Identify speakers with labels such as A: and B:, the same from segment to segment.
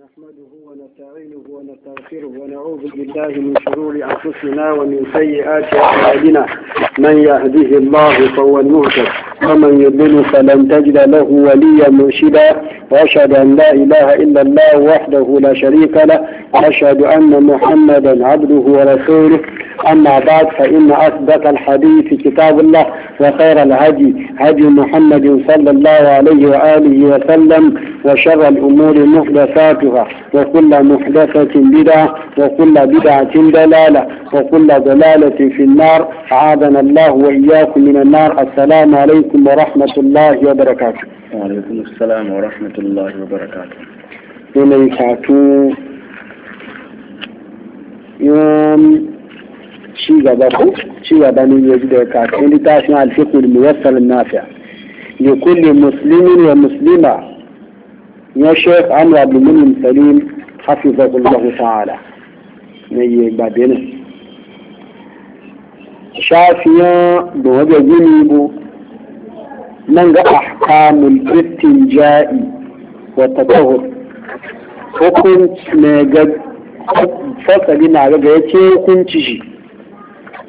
A: نحمده ونستعينه ونستغفره ونعوذ بالله من شرور أنفسنا ومن سيئات أعمالنا من يهده الله فهو المهتد ومن يضل فلن تجد له وليا مرشدا وأشهد أن لا إله إلا الله وحده لا شريك له وأشهد أن محمدا عبده ورسوله أما بعد فإن أصدق الحديث كتاب الله وخير الهدي هدي محمد صلى الله عليه وآله وسلم وشر الأمور محدثاتها وكل محدثة بدعة وكل بدعة دلالة وكل ضلالة في النار عادنا الله وإياكم من النار السلام عليكم ورحمة الله وبركاته وعليكم السلام ورحمة الله وبركاته إلي كاتو يوم شي غباكو شي غباني يجد كاتو إلي تاسنا الفقه الموصل النافع لكل مسلم ومسلمة يا شيخ عمرو بن سليم حفظه الله تعالى نيجي بعدين شافيا بوجه جنيب من أحكام الاتنجاء والتطهر حكم ماجد فصلنا على جهة حكم تشي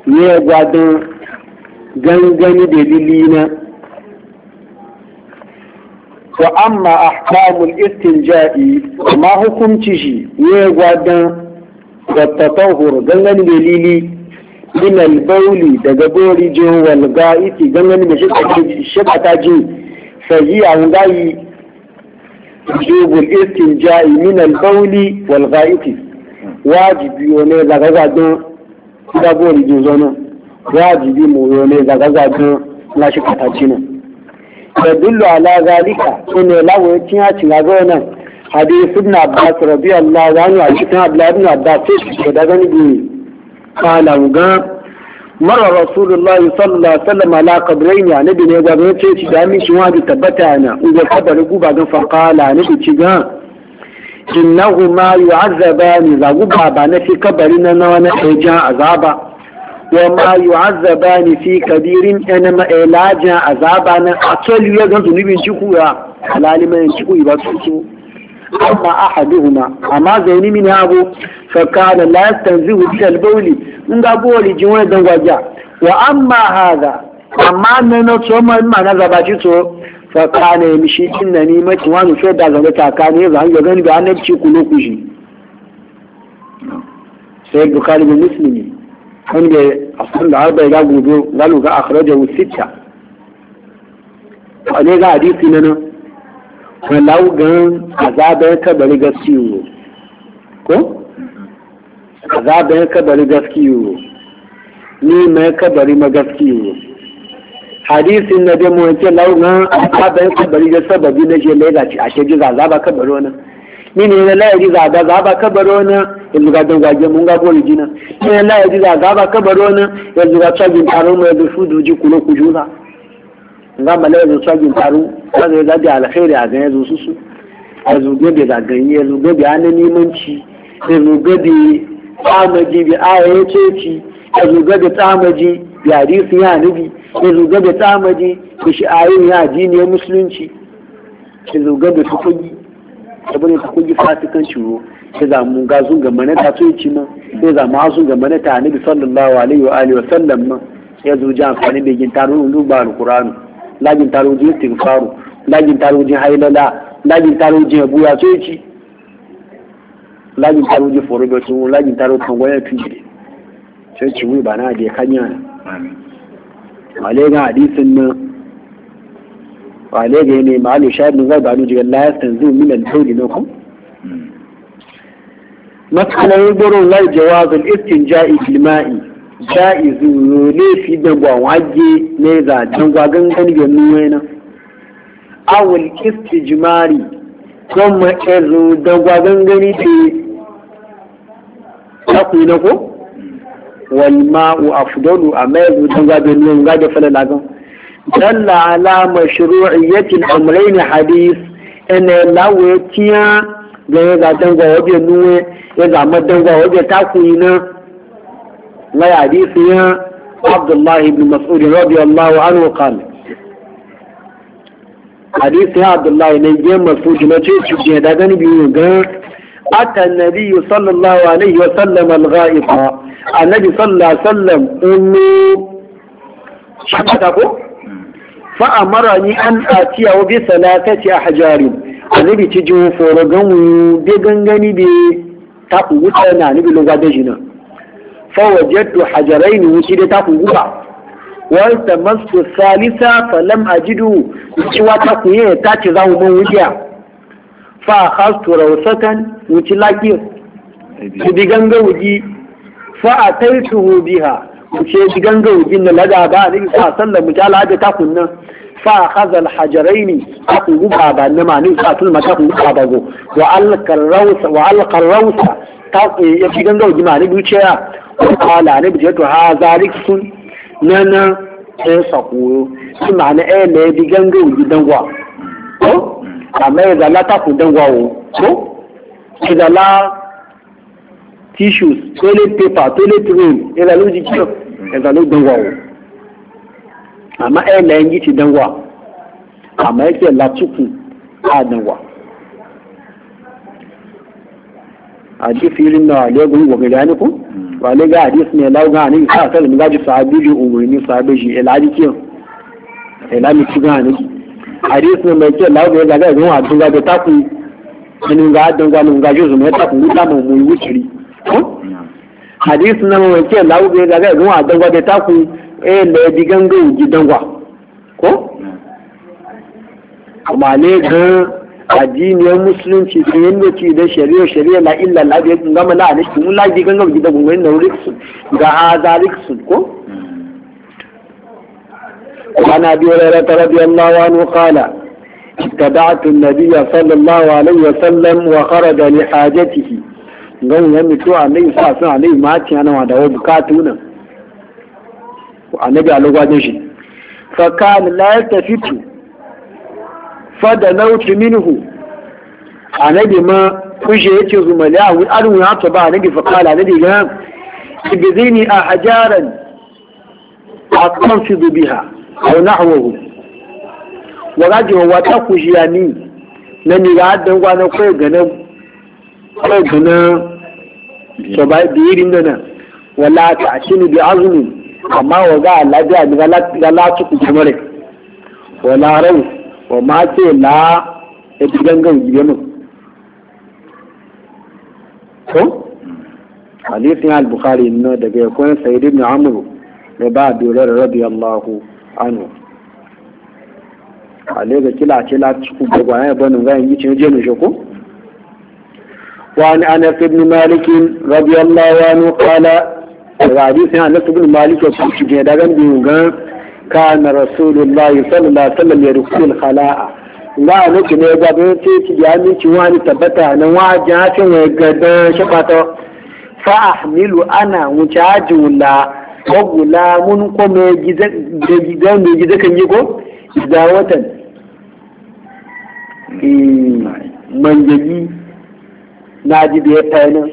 A: يجعد جنجن دليلنا وأما أحكام الاستنجاء ما حكم تشي يجعد والتطهر جنجن دليلي min albauli daga bori jo wal ga'iti gangan da shi shaka ji fahiya ngai jubul istinja'i min albauli wal ga'iti wajibi ne daga gadon da bori jo zono wajibi mu ne daga gadon na shi kataci nan yadullu ala zalika ne lawo cin ya cin gaga nan hadith ibn abbas radiyallahu anhu a cikin abdullahi kala ga mara rasulullahi sallallahu alaihi wasallam ala qabrayn ya nabi ne ga ce ci da mi shi wadi tabbata in ga kabar guba ga fa kala ne ci ga innahu ma yu'azzabani za guba ba na fi kabari na na wani ajan azaba wa ma yu'azzabani fi kabirin ana ma ilajan azaba na atoli ya ga zunubin ya alaliman ciku ba su amma ahaduhuma amma zaini min habu fa kana la yastanzihu bil albawli in ga boli jin wani dangwaja wa amma hadha amma nan na ma ma na zaba ci to fa kana yamshi inna ni mati wa mu da zanga ta kana zan ga gani ga annabci kulo kushi da muslimi wanda asan da arba ga hadisi nan falau gan azabar kabari gaskiyo ko? azabar kabari gaskiyo ni mai kabari ma gaskiyo hadisin na dai mun ce lau gan azabar kabari ga sababi na je laila ce ashe ji zazaba kabari wani ni ne na lairi zaga zaba kabari wani yanzu ga gage mun ga bori jina ni ne lairi zaga zaba kabari wani yanzu ga cagin taron mai da su duji kulo kujuza. nga mala yanzu tsagin taru kaga ya zabi alkhairi a ganin yanzu su a zuge da zagaye ya zuge da hannun nimanci ya zuge tsamaji bi aya ya ceci tsamaji bi hadisin ya nabi ya zuge tsamaji bi shi'ayin ya addini ya musulunci ya zuge da tukugi ya bane tukugi ga ta ta sallallahu alaihi wa alihi wa sallam gin tarun alqur'ani lajin tarojin tinfaru lajin tarojin hailala lajin tarojin abuya soci lajin tarojin forobatu lajin tarojin waya tuje sai ci ba bana da kanya malaga hadisin nan malaga ne malu shahidin zai bani jigan la yastanzu min hmm. al-hawli lakum مسألة يدور لا istin الاستنجاء ilma'i ja'izu ne fi dangwa waje ne za dangwa gangan ga nuwe na awul istijmari kuma ezo dangwa gangani ce taku na ko wal ma'u afdalu a ezo dangwa ga nuwe ga da falala gan dalla ala mashru'iyyati al-amrayn hadith ina lawo ya tiya ga ya za dangwa wajen nuwe ya za ma dangwa waje taku na لا حديثنا عبد الله بن مسعود رضي الله عنه قال حديث عبد الله بن مسعود ما تشوف جهدا غني بيوغا أتى النبي صلى الله عليه وسلم الغائط النبي صلى الله عليه وسلم انه شبكه فأمرني أن آتيه بثلاثة أحجار النبي تجوه فرقا بيغنغني بي تقوى تنا نبي لغادجنا fawajadu hajarain ni shi dai ta ku guba wal tamassu salisa fa lam ajidu shi wa ta ku yi ta ci zamu mun wuya fa khastu rawsatan wuci laki su bi ganga wuji fa ataitu biha wuce bi ganga na laga ba ne sa sallan mujala da ta fa khaza al hajarain ta ku ba ne ma ne sa tul ma ta ba go wa al ta ku yi bi ganga ma ne wuce ya kala ne bije to ha zalik sun nana sai sakuro shi ma'ana eh ne bi ganga uji dangwa ko amma ya zala ta ku dangwa wo ko ki zala tissues toilet paper toilet roll ya zala uji kiyo ya zala dangwa wo amma eh ne yi ci dangwa amma yake la tukun a dangwa hadis irin na wale gun gobe gani ku wale ga hadis ne lauga ne ka ta da gaji sahabi ji umurni sahabi ji ilaji kiyo ilami ci gani hadis ne mai ke lauga ga ga gun hadin ga ta ku nin ga dan ga nun ga ji zuma ta ku da mu mu wuciri hadis ne mai ke lauga ga ga gun hadin ga ta ku eh le di ganga ji dangwa ko amma ne ga addiniyar musulunci da yin da da shari'a shari'a na illa la da gama na alishi mun la gigan gama gida gungun na rikisun ga haza rikisun ko? wani abi wani rata rabi Allah wa nu kala ta da'atu nabi ya sallallahu alaihi wa sallam wa kara da ni hajjatihi gan yan mutu a nai sa sun a nai maci yana ma da wani bukatu nan a nabi a lagwajin shi fa kan la ya fada nautu minhu annabi ma kushe yace zumali a wani arun ya ta ba annabi fa kala annabi ga ibzini a hajaran aqamtu biha aw nahwahu wa gaji wa ta kushiya ni na ni ga dan gwana ko ga na ko ga ba biirin da na wala ta ashini bi azmi amma wa ga lafiya ga ga la ku wala rau wa ma ce la ya gidan gan gidi mu ko hadisin al-bukhari na daga kun sayyid ibn amr da ba dole radiyallahu anhu ale ga kila ce la ku gwa ya bani ga yi ce je mu shi ko wa an anas ibn malik radiyallahu anhu qala hadisin anas ibn malik ko su ci daga gan gan kana rasulullahi sallallahu alaihi wasallam yarkul khala'a nga ne ki ne ga bin ti ki ya mi ki wani tabbata nan wa ja tin wa ga da shabato fa ahmilu ana mujajula ko gulamun ko me gidan da gidan me gidan kan yi ko da watan manjaji na ji da ya tayana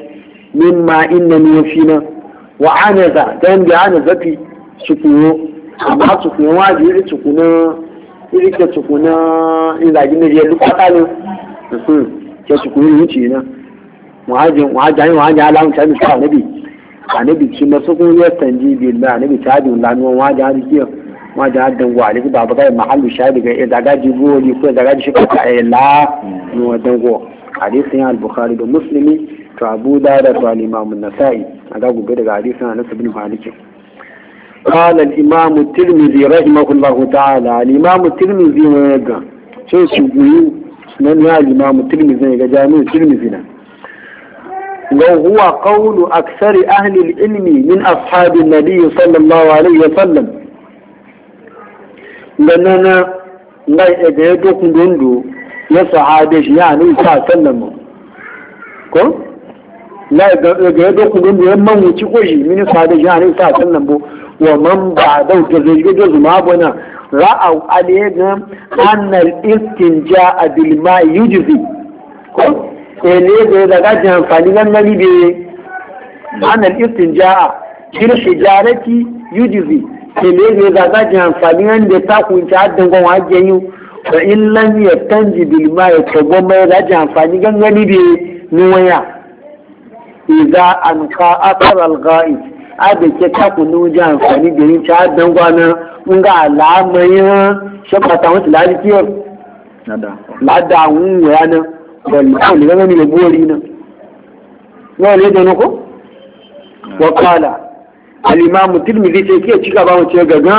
A: mimma inna ni yafina wa anaza dan bi anaza fi shukuru àmọ́ tukùn wọn àbí irí tukùn náà irí kẹ tukùn náà ìlàjì méjì ẹlú pátá ni kẹ tukùn yìí yi í náà wọn á jẹ wọn anabi jẹ wọn á jẹ aláwùn bi sáà anabi àníbi tí mo sókún yẹ tàn jí ibi a dùn lánàá wọn á jẹ àdí kí wọn á jẹ àdán wọ àlejò bàbá báyìí màálù sáà dìgbà ni wọn dán wọ al-bukhari da muslimi to abu da da to al-imam an-nasa'i aga gobe daga hadisin anas ibn malik قال الإمام الترمذي رحمه الله تعالى الإمام الترمذي ويقع شو شبوه من يا الإمام الترمذي يقع جامع الترمذي لو هو قول أكثر أهل العلم من أصحاب النبي صلى الله عليه وسلم لأننا لا يدعوك دندو يا صحابيش يعني صلى الله عليه وسلم ko لا ga ga dokun dundun yamman wuci koji min sahabi ya ne sa sallan bo wa man ba dau ta zai da zuma bana ra'au alega annal istinja bil ma yujzi ko ele eh, da daga jan amfani nan nani be annal istinja bil hijarati yujzi ele eh, da daga jan amfani nan da ta kunta addan gon wajen yu fa in lam yastanji bil ma yatago mai da jan amfani gangani be ni waya idza anqa athar al ghaib abeke takunu ji amfani da yin ta dan gwana mun ga alamayin shafata wasu lafiya lada hun ya nan wani kawai gama ne gori nan wani ne da nako wakala alimamu tirmidhi sai ke cika ba wace gaga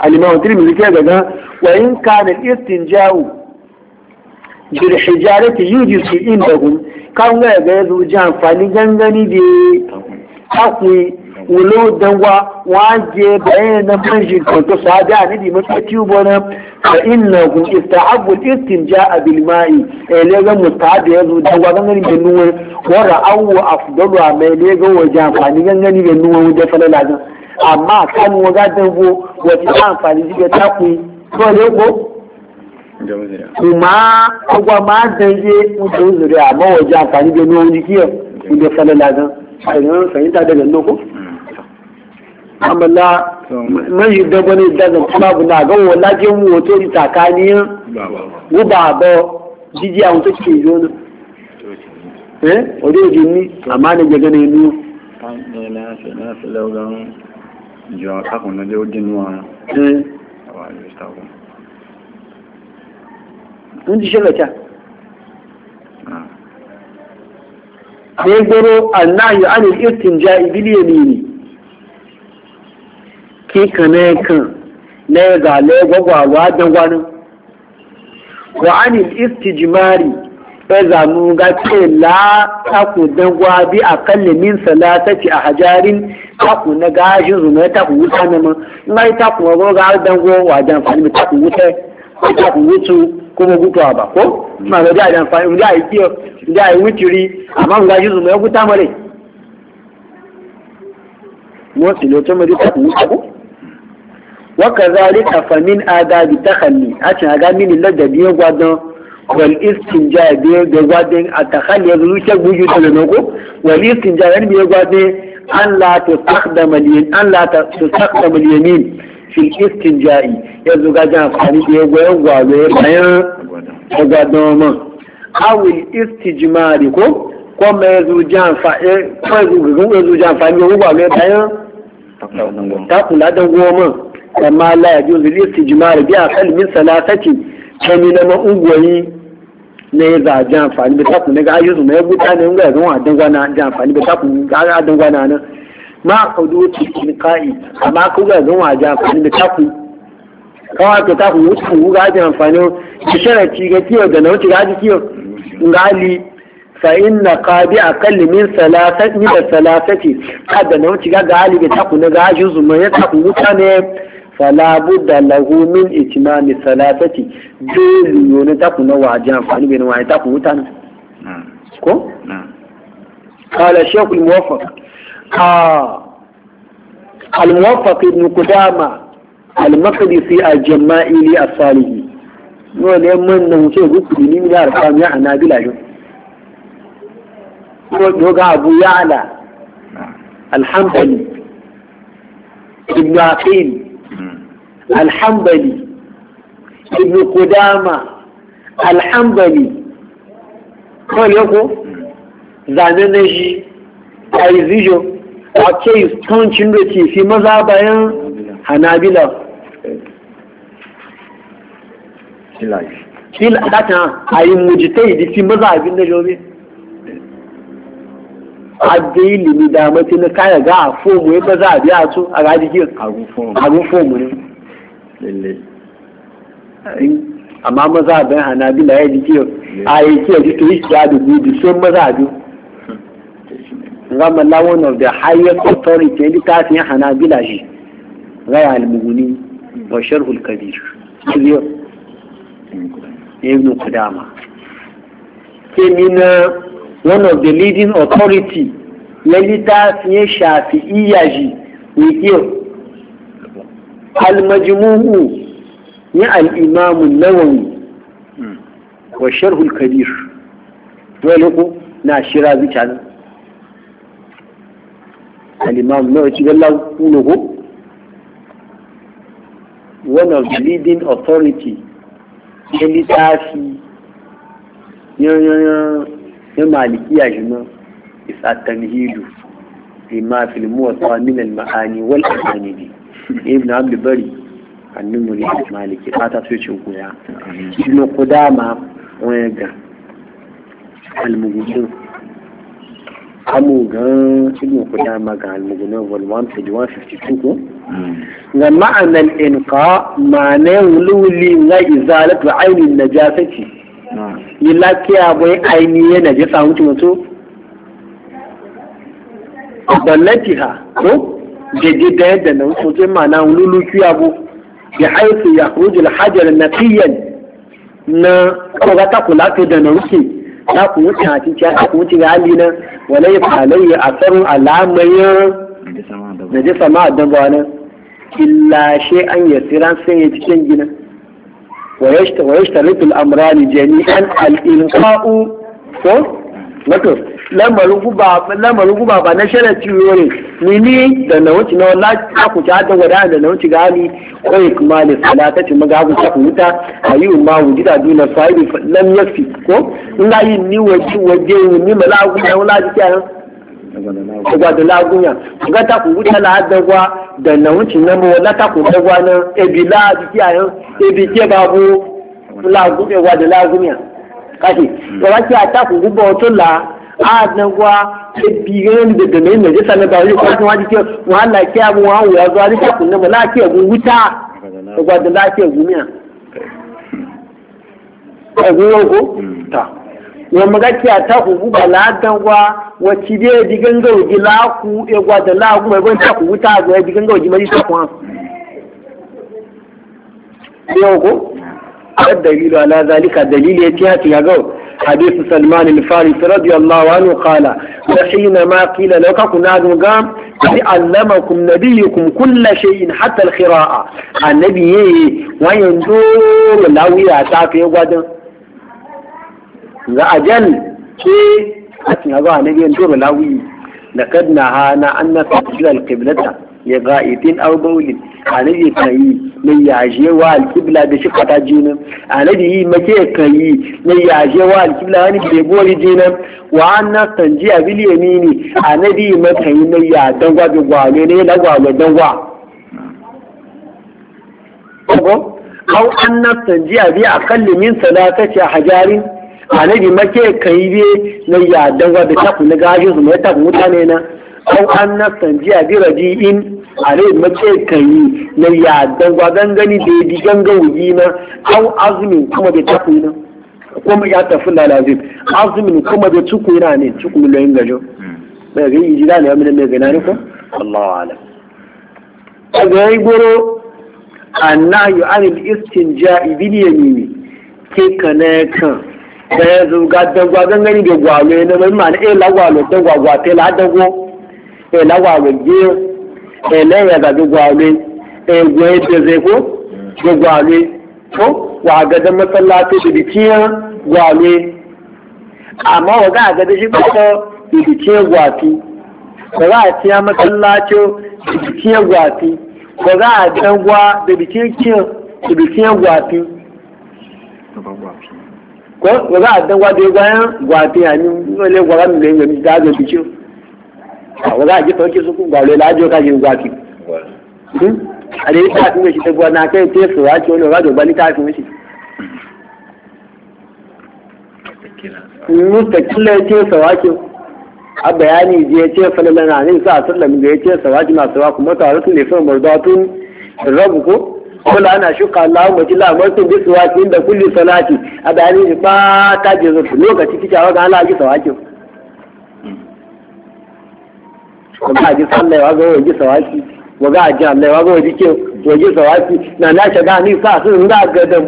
A: alimamu tirmidhi ke gaga wa in kana istinja'u bil hijarati yujisu indahum kan ga ga yazo ji amfani gangani da takwi ولو دوا وعجي بين منجي كنت صادع ندي مسكتي وبنا فإنهم استحبوا الاستنجاء بالماء إليغا مستعد يزو دوا غنغني بنوه ورأوا أفضل عمليغا وجانفاني غنغني بنوه ودفل لازم أما كانوا غادن بو وتعانفاني زيغا تقوي فليغو kuma ọgbà máa dẹ̀yẹ oúnjẹ òzòrè àmọ́ ọjà àǹfààní bẹ ní oúnjẹ kí ẹ̀ oúnjẹ fẹ́lẹ́ lásán àìrìn fẹ̀yìntà dẹ̀gẹ̀ lóko amala mai dabo ne daga kuma buna ga wala je mu wato ri takaniyan guba bo jiji a wato ke yo ne eh ode eh? ji ni amma ne ga gane ni ne na se na ne o dinwa eh wa ni sta ko ah. kun ji shela ta ne goro annahi kika ne kan na ya zale gwagwagwa dan gwanin wa anil istijmari fa zanu ga ce la taku dan gwabi akalli min salatati a hajarin taku na gashin zuma taku wuta na ma mai taku wa ga dan gwawa dan fani taku wuta ko taku wutu kuma gutuwa ba ko ma ga da dan fani da yi da yi wuturi amma ga gashin zuma ya guta mare mo tilo to mari taku wuta ko وكذلك فمن آداب التخلي أتنا أغامين اللجة دي وادن والاستنجاء دي وادن التخلي يغلوشك وجود لنوكو والاستنجاء دي وادن أن لا تستخدم اليمين أن لا تستخدم اليمين في الاستنجاء يزوغا جان فاني دي وادن وادن أو الاستجمار كو كما يزوجان فاني كما يزوجان فاني وادن تاكو لادن غوما amma la ya juzu li istijmar bi akal min salatati kani na ma ugwayi ne ya za amfani da taku ne ga ayyuzu mai guta ne ga ga wa dangwana ji amfani da taku ga ga dangwana nan ma kaudu cikin kai amma ku ga ga wa ji amfani da taku kawai ka taku wuce ga ji amfani da sharati ga kiyo da na wuce ga ji kiyo ngali فإن قابع أقل من ga من الثلاثة هذا نوتي قال لي تقول نجاج زمان تقول ne fala da lahu min itmami salatati dole ne ta waje amfani bai na waje taku mutane ko kala shekul al a ah al-muwaffaq ibn qudama al-maqdisi al-jama'ili a salihi no ne man nan ce ne ni da arfam ya anabila yau. ko ga abu ya'la ala alhamdani ibn aqil الحنبلي ابن kudama الحنبلي قال يقول zane na shi كون izijo a ke حنابلة da ke fi maza bayan hanabila kila a datan a yi mujitai da fi maza abin da jobe adé ní lalle amma maza ban da ya dike a yi ke ji to yi da gudu so maza biyu zama la one of the highest authority ya littafin da shi gaya almuguni wa sharhul kabir ibn kudama ke mina one of the leading authority ya shafi shafi'iyya shi wikiyo المجموع يا الإمام النووي والشرح الكبير ولكو ناشرا بيتان الإمام النووي قال له قوله one of the leading authority ṣe lítàáfi yányányán ní màlìkíyà jùmọ́ ìsàtàmìhìlù ìmáfìlì mú ọ̀tọ́ nílẹ̀ màá ní wọ́lẹ̀ àmì ibn abdul bari annin muri maliki fata su ce goya ibn kudama wani ga almugudin amugan ibn qudama ga almugudin vol 152 ko hmm. ga ma'anan inqa ma'anan luli na izalatu ainin najasati hmm. ni lafiya bai ainihin najasa mutum to ballatiha ko daidai da yadda na wasu sai ma'ana lulu kiya bu bi haisu ya kuji alhajar naqiyan na koga ta kula to da na ruke ta ku wuce a cikin ta ku wuce hali na wala ya falayya asarun alamayan da ji sama a dabba nan illa shi an yasiran sai ya cikin gina ويشترط الأمران جميعا الإلقاء wato lamarin guba ba na shirin ciwo ne ni da na wuce na wala ta ku ta wada da na wuce gani kawai kuma ne ta ce maga ku ta wuta ayi ma wuji da duna sahibi lam fi ko in yi ni waje waje ni ma da wala ji da lagunya ta ku wuta la da na wuce na wala ta na ji ebi da lagunya kashi ki ta ku gubo a nan kuwa wani da da mai najisa na bayu ko kuma ji ke wala ke abu wa ya zuwa rika kunna nama la ke gun wuta ko da la ke gumiya ko gun ko ta wa maga ta ku ba la dan wa wa ci de digan ga uji la e gwa da la mai e gon ta ku wuta ga digan ga uji mai ta ku ha ko ko a dalilu ala zalika dalili ya ci ha ci ga gawo حديث سلمان الفارس رضي الله عنه قال وحينما قيل لك كنا نقام يعني علمكم نبيكم كل شيء حتى القراءة النبي وينظر لو يعتاك يقعد لأجل كي أتنظر النبي ينظر لو لقد نهانا أن نتجل القبلة لغائط أو بول النبي سيئ mai yaje wa alkibla da shi fata jina anabi yi make yi mai yaje wa alkibla wani bai gori jina wa anna tanji abil yamini anabi yi maka yi mai ya dangwa bi gwale ne la gwale dangwa ko au anna tanji abi akalli min salatati hajarin anabi make kayi be mai ya dangwa da tafi na gashin su mai ta mutane na au anna tanji abi raji'in a rai mace kan yi na ya dangwa gangani da ya ji gangan wuji na an azumin kuma bai tafi na kuma ya tafi lalazim azumin kuma bai cuku yana ne cuku miliyoyin gajo hmm. mai zai yi jira ne ya mai gana ne ko Allah alam a gani goro annahu anil istinja'i bil yamini ke kana kan da ya zo ga dangwa gangani da gwalo ne mai ma'ana eh lagwalo dangwa gwate la dangwa ila eh, lagwalo ge ẹlẹ́yìn àgbà gbogbo àlè ẹ̀gbọ́n ẹ̀dẹ̀zẹ̀ kó gbogbo àlè kó wà gẹ́gẹ́ mọ́sálá tó ṣe bìtì yẹn kọ̀rọ̀ àti mọ́sálá tó ìbìtì àti kọ̀rọ̀ àdẹ́gbà bìbìtì yẹn ìbìtì yẹn gbogbo àti. kọ̀rọ̀ àdẹ́gbà àwọn láàjì tó kí sunkún gbà lè láàjì ọkà yìí gbà kí. àdé ní káàfin méjì tó gbọ́ náà kẹ́hìn tí ki? Wani olè ọ̀rọ̀ àjọgbá ní káàfin méjì. ní tẹ̀kílẹ̀ tí èso àti a bayani da ya ce falalan na nisa a sallam da ya ce sawaji masu wa kuma tare su ne fi murdatun rabu ko kula ana shuka Allah ma ji lamarsu bi suwaki da kulli salati a bayani ba ta je lokacin kicawa ga Allah ji ki? kuma a ji sallah ya ga waje sawaki waga ji Allah ga waje na na shaga ni sa da ga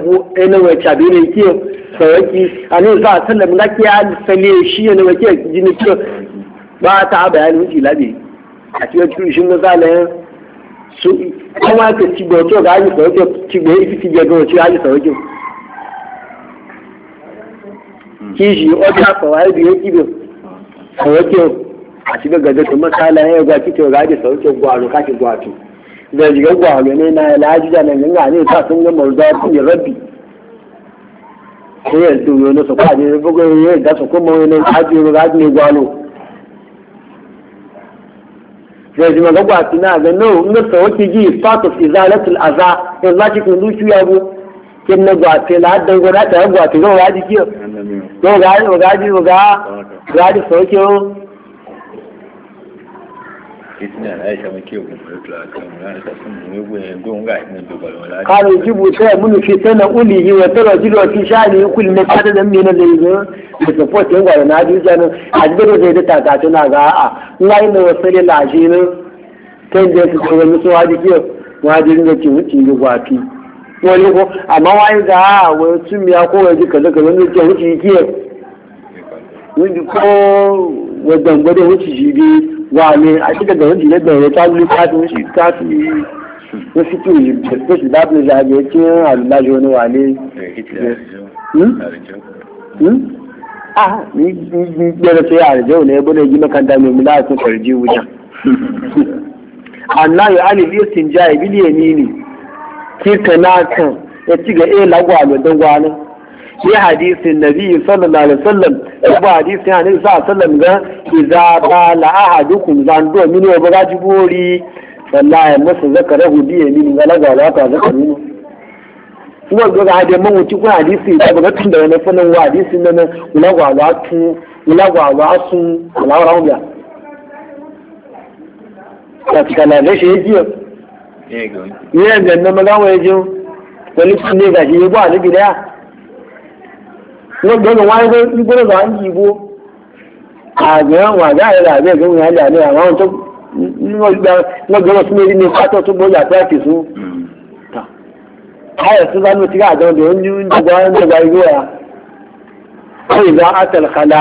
A: ina wa chabire ke sawaki ani sa sallam ke al sale shi ne wa ke ke ba ta bayani shi labi a shi su kuma ke ci go to ga sawaki ci go ifi ci go ci sawaki kishi sawaki a shiga ga zaka masala ya ga kike ga da sauke gwaro kake gwato da jiga gwaro ne na laji da nan ga ne ta sun ga mawza kun ya rabbi ko ya duyo ne su kwaje ne bugo ya da su kuma wani ajiyo ga ne gwalo yanzu ma gwato na ga no in ga wake ji part of izalatul aza in za ki kun zuci ya bu kin na gwato te la da gwa ta gwa te ga waji ki ga ga ga ga ga sauke fitina na aisha mun kiwo mun rubuta kan mun ga sun mun yi gwe don ga mun da balon la kare jibu sai mun fi sana uli hi wa tara jilo fi shani kul ne fata da mina da yi da ta fa tin ga na ji jan a jibu sai da ta ta tana ga a na yi na sai la ji ne kan da su ga mu suwa ji wa ji ne ki mu ci gwa fi ko amma wani ga wa sun miya ko wani ka da ga mun ji wuci wa dangbade wuci jibi wà ní àṣìkẹgbẹ̀rún jìlẹ́gbẹ̀rún tábìlì káàkiri sí káàkiri ó sì tù yìí tó sì bá pèsè àgbẹ̀ tí ń àlùbáṣe oní wà ní. ní gbẹ́rẹ́ tí àrẹ̀jẹ́ òní ẹgbẹ́ náà yí mẹ́kàndá mi mú láàtún kọ̀rìjì wújà. ànáyọ̀ alìbí òsì ń já ìbílẹ̀ ẹ̀mí ni kí kan náà kàn àgbẹ̀dọ́gbọ́ náà. في حديث النبي صلى الله عليه وسلم أبو حديث يعني صلى الله عليه وسلم إذا بال أحدكم زندو من وبراجبوري فلا يمس ذكره بيمين ولا غلاقة ذكره kuma ga hadin man wuce kun hadisi da ba tun da wani fannin wa hadisi nan ulagwawa tun ulagwawa sun ulawara wuya ta tsala ne shi yake eh, ne ga nan magawa yake wani sun ne gashi ya ba ni bidaya wọ́n gbọ́dọ̀ wáyé pé gbígbọ́dọ̀ bá ń yìí wó àgbẹ̀ àwọn àgbà àgbẹ̀ ìgbẹ́ wọn àjà ní àwọn tó wọ́n gbọ́dọ̀ sí méjì ní pátọ́ tó gbọ́dọ̀ àti àti sún. ayọ̀ tó bá ní ti ká àjọ ọdún ní ìjọba ń dọ̀gba ìlú ẹ̀ kó ìgbà àtẹ̀lẹ̀kálá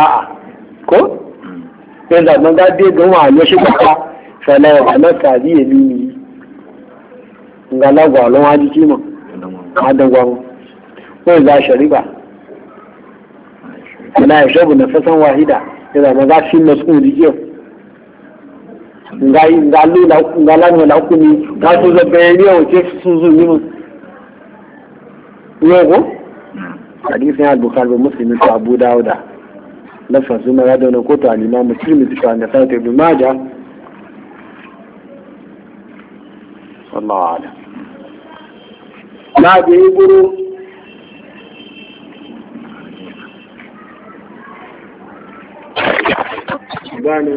A: kó ìgbà gbọ́dọ̀ dé gan wà lọ́sẹ̀ pàpà fẹ̀lẹ̀ ọ̀gbọ̀nà tàbí èlú ni ìgbàlagbà ọlọ́wọ́n adìjí mọ̀ adọ̀gbà wọn. ìgbà ṣẹ̀rígbà wala ya shabu na fasan wahida ya zama za shi na su jike nga yi nga lo la nga la nga la kuni nga to zo be ni o che su zu ni mu yo go hadith ya bukhari wa muslim to abu dauda lafazu ma ya dona ko to al imam muslim to an da sai ibn majah sallallahu alaihi ma bi guru gane